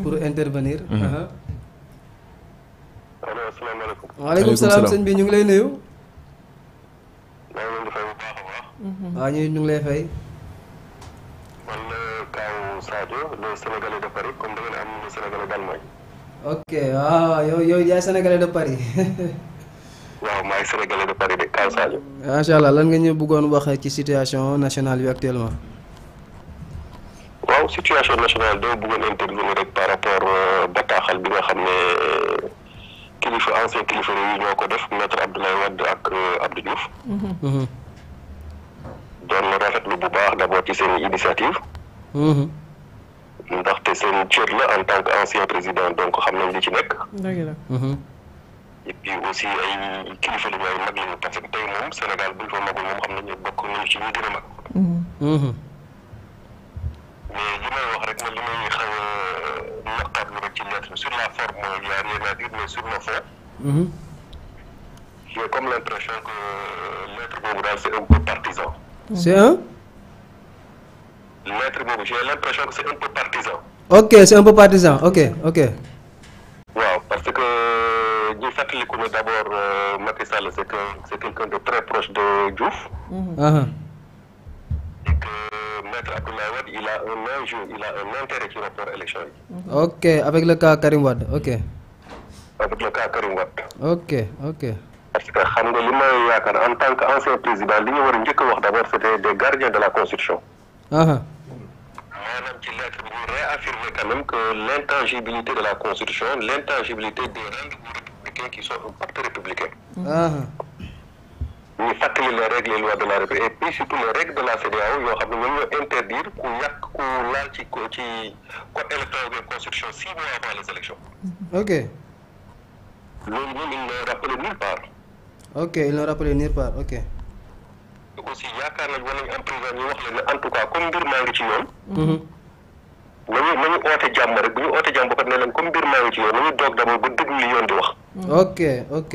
pour intervenir. asalaamaaleykum. waaleykum salaam sëñ bi ñu ngi lay Sadio le Sénégalais de Paris comme da nga le Sénégalais d'Allemagne. ok waaw yo, yo, yo, Sénégalais de Paris. waaw maay Sénégalais de Paris de Kaaw Sadio. macha allah lan nga waaw situation nationale doo bëggoon intervenir rek par rapport euh, bataaxal bi nga xam ne euh, kilifa ancien kilifa yi ñoo ko def maître Abdoulaye Wade ak euh, Abdou Diouf. Mm-hmm. Mm-hmm. doon na rafetlu bu baax d'abord ci seen initiative. Mm-hmm. ndaxte seen cër la en tant que ancien président donc xam nañ li ci nekk. dëgg la. et puis aussi ay kilifa la ñu mag lañu parce que tey moom Sénégal buñ fa magul moom xam nañu bokk nañu ci ñu gën a mag. Sur la forme, il n'y a rien à dire, mais sur le fond, j'ai mhm. comme l'impression que euh, l'être Bobra, c'est un peu partisan. Mhm. C'est un L'être Bobra, j'ai l'impression que c'est un peu partisan. Ok, c'est un peu partisan. Ok, ok. Wow, parce que nous euh, faisons d'abord, euh, Macky Sall, c'est quelqu'un de très proche de Diouf. Mhm. maître Abdoulaye Wade il a un enjeu il a un intérêt ci rapport élection yi. ok avec le cas Karim Wade ok. avec le cas Karim Wade. ok ok. parce que xam nga li may yaakaar en tant que ancien président li ñu war a njëkk a wax d' abord c' était des de la constitution. Ah, ah. maanaam ci lettre bi ñu réaffirmer quand même que l' de la constitution l' intangibilité des rendez-vous qui sont un pacte républicain. Ah, ñu fàttali la règle loi de la République et puis surtout les règles de la CEDEAO yoo xam ne ñoom ñoo interdire ku yàq ku laal ci ci code électoral de construction six mois avant les élections ok. loolu moom il ne rappelé nulle part. ok il ne rappelé nulle part ok. aussi yaakaar nañ war nañ am président ñu wax leen en tout cas comme mbir maa ngi ci yoon. Mhm. na nañu oote jàmm rek bu ñu oote jàmm ba ne leen comme mbir maa ci yoon nañu doog dama ba déglu li yoon di wax. ok ok.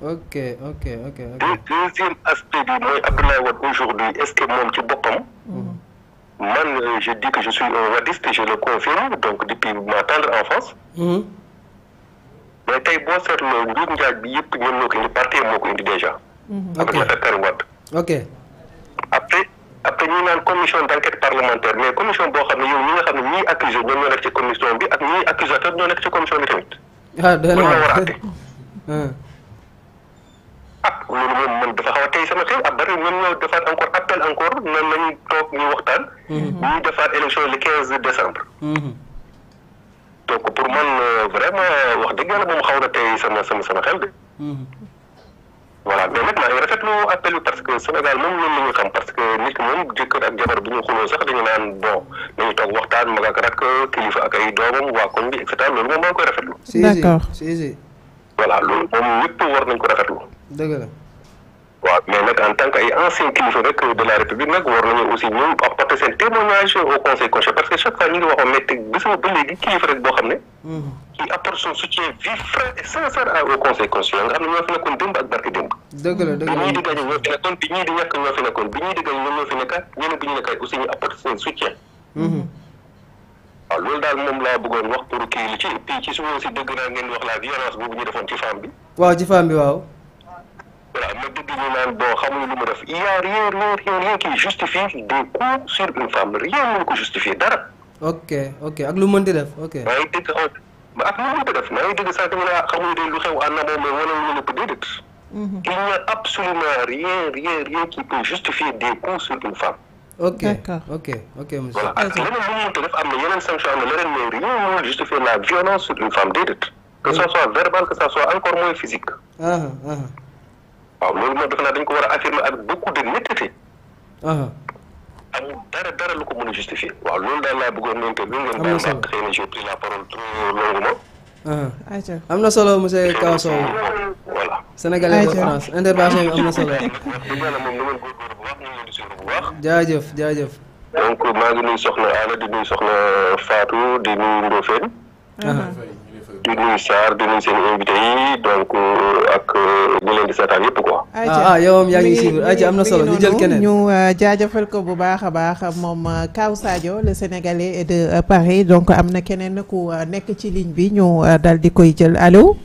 ok ok ok ok. deuxième aspect du moi, Abdoulaye aujourd'hui est-ce que moom ci boppam. Mhm. man euh, je dis que je suis un et je le confirme donc depuis ma tendre enfance. Mhm. mais tey boo seetloo le njaaj bi yëpp ñoom que ko indi parti moo ko indi déjà. Mhm. avec l'affaire ok après après une commission d'enquête parlementaire mais commission boo xam ne yow ñi nga accusé ñoom ñoo ci commission bi ak accusateur ñoo nekk ci commission bi tamit. ah dëgg la sama seen ab bari ñoom ñoo defaat encore appel encore noonu la ñuy toog ñu waxtaan. ñu defaat élection le quinze décembre. donc pour man vraiment wax dëgg yàlla moom xaw na tey sama sama sama xel de. voilà mais nag maa ngi rafetlu appel bi parce que Sénégal moom loolu la ñu xam parce que nit ki moom jëkkër ak jabar bu ñu xuloo sax dañu naan bon dañu toog waxtaan mag ak rakk kilifa ak ay doomam waa koñ bi et cetera loolu moom maa ngi koy rafetlu. d'accord si si voilà loolu moom ñëpp war nañ ko rafetlu. dëgg la. mais nak en tant que ay ancien kilifa rek de la république nak war nañu aussi ñoom apporter seen témoignage au conseil constitutionnel parce que chaque fois ñu ngi waxoon mais teg gis nga ba kilifa rek bo xamné ne. Mm-hmm. qui apporte son soutien vif franc et sincère au conseil constitutionnel nga xam ne ñoo fi nekkoon démb ak barki démb. deug la deug la bi di gañ ñoo fi nekkoon bi ñi di ñàkk ñoo fi nekkoon bi ñi di gañ ñoo fi nekkaat ñeneen bu ñu nekkaat aussi ñu apporter seen soutien. Mm-hmm. waaw loolu daal moom laa bëggoon wax pour kii li ci ci suñu ci deug naa ngeen wax la violence bu ñu defoon ci femme bi. waaw ci femme bi waaw voilà ma dégg bon xamuñu lu mu def y a rien rien rien qui justifie des coups sur une femme rien ne peut justifier dara. ok ok ak lu def ok. mais ngi dégg ak lu mënti def maa ngi dégg sànq ñu ne xamuñu de lu xew ànd ak moom wala lu lépp mhm. il n'y a absolument rien rien rien qui peut justifier des coups sur une femme. ok ok ok monsieur. voilà ak leneen lu mënti def am na yeneen sanction am na rien justifier la violence sur une femme déedéet. que ça soit verbal que ça soit encore moins physique. Ah, ah. waaw loolu moom defe naa dañ ko war a affirmer ak beaucoup de fi amul dara dara lu ko mën a justifier. waaw loolu daal laa bëggoon ngeen teel. am na solo xëy na j'ai pris la parole trop longuement. ayca am na solo monsieur Kawa Sow. voilà sénégalais de France intervention bi am na solo. jaajëf jaajëf. donc maa ngi nuyu soxla Anna di nuyu soxna di nuyu Ndofène. di nuyu Sarr di seen invité yi donc euh, ak euh, ñu leen di seetaan yëpp quoi. ah, ah, ah yow am yaa ngi suivre ayca ah, am na solo ñu jël keneen ñu euh, jaajëfal ko bu baax a baax moom Kaw Sadio le Sénégalais de Paris donc am na keneen ku nekk ci ligne bi ñu dal di koy jël alo